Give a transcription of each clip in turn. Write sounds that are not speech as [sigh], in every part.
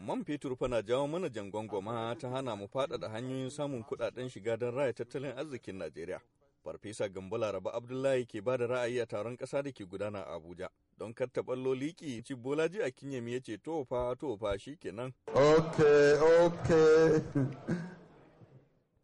Man fetur fa na jawo mana jangon ta hana mu faɗaɗa hanyoyin samun kuɗaɗen shiga don raya tattalin arzikin Najeriya. Farfesa Gambo Laraba Abdullahi ke ba da ra'ayi a taron ƙasa da ke gudana a Abuja. Don kar ta ɓallo liki, ci Bolaji a Kinyemi ya ce tofa tofa shi kenan. Ok, ok. [laughs]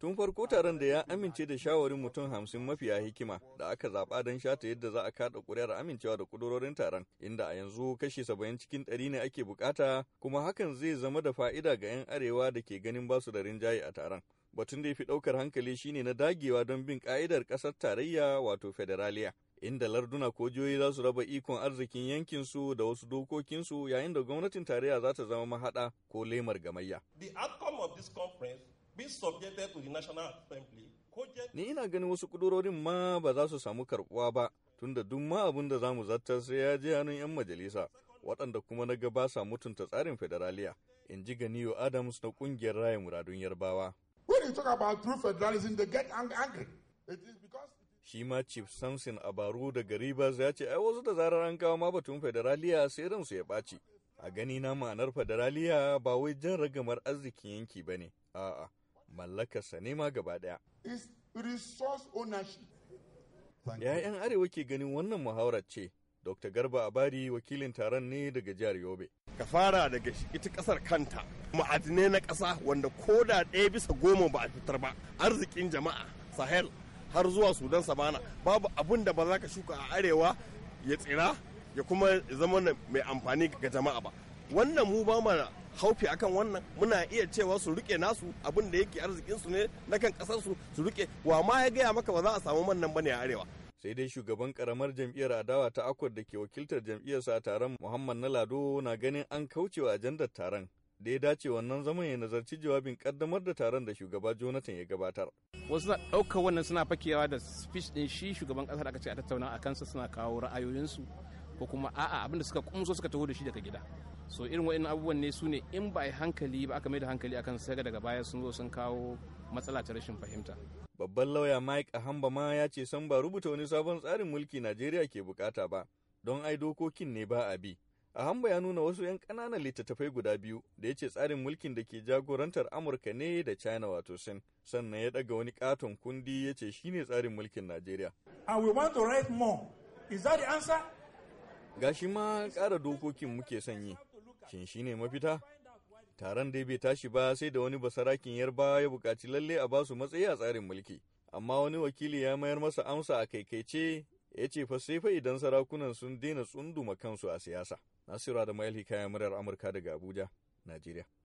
Tun farko taron da ya amince da shawarin mutum hamsin mafiya hikima da aka zaɓa don shata yadda za a kaɗa kuri'ar amincewa da kudurorin taron, inda a yanzu kashi saba'in cikin ɗari ne ake bukata kuma hakan zai zama da fa'ida ga 'yan arewa da ke ganin basu da rinjaye a taron. Batun da ya fi ɗaukar hankali shine na dagewa don bin ka'idar ƙasar tarayya wato federaliya. inda larduna ko jihohi za su raba ikon arzikin yankinsu da wasu dokokinsu yayin da gwamnatin tarayya za ta zama mahaɗa ko lemar gamayya. The Ni ina ganin wasu kudurorin ma ba za su samu karbuwa ba tunda duk ma abin da za mu zartar sai ya je hannun 'yan majalisa waɗanda kuma na ga ba sa mutunta tsarin federaliya in ji ganiyo Adams na ƙungiyar raya muradun Yarbawa. shi ma chief samson abaru daga rivers ya ce ai wasu da zarar an kawo ma batun federaliya sai ransu ya ɓaci a gani na ma'anar federaliya ba wai jan ragamar arzikin yanki ba ne a'a mallakarsa ne ma gaba ɗaya. ‘Ya'yan Arewa ke ganin wannan muhawarar ce, Dr. Garba Abari wakilin taron ne daga jihar Yobe. Ka fara daga ita ƙasar kanta, ma'adinai na ƙasa wanda ko da ɗaya bisa goma ba a fitar ba, arzikin jama'a, Sahel, har zuwa Sudan samana babu abin da ba za ka shuka a Arewa ya tsira ya kuma zama mai amfani ga jama'a ba. wannan mu ba mana haufi akan wannan muna iya cewa su rike nasu abin da yake arzikinsu ne na kan kasarsu su rike wa ma ya gaya maka ba za a samu mannan bane a arewa sai dai shugaban karamar jam'iyyar adawa ta akwad da ke wakiltar jam'iyyarsa a taron muhammad na lado na ganin an kaucewa ajandar taron da ya dace wannan zaman ya nazarci jawabin kaddamar da taron da shugaba jonathan ya gabatar wasu na ɗaukar wannan suna fakewa da speech din shi shugaban ƙasar aka ce a tattauna a kansa suna kawo ra'ayoyinsu ko kuma a'a abinda suka kumso suka taho da shi daga gida so irin wa'in abubuwan ne su ne in ba hankali ba aka mai da hankali akan saga daga baya sun zo sun kawo matsala ta rashin fahimta babban lauya mike ahamba ma ya ce san ba rubuta wani sabon tsarin mulki najeriya ke bukata ba don ai dokokin ne ba a bi ahamba ya nuna wasu 'yan kananan littattafai guda biyu da ya ce tsarin mulkin da ke jagorantar amurka ne da china wato sin sannan ya daga wani katon kundi ya ce shi ne tsarin mulkin najeriya and we want to write more is that the answer gashi ma ƙara dokokin muke sanyi Shin shi ne mafita? Taron dai bai tashi ba sai da wani basarakin yarba ya bukaci lalle a basu matsayi a tsarin mulki. Amma wani wakili ya mayar masa amsa a kaikaice ya ce fa sai fa idan sarakunan sun daina tsunduma kansu a siyasa. Nasiru da mayar Hikaya murar Amurka daga Abuja, Najeriya.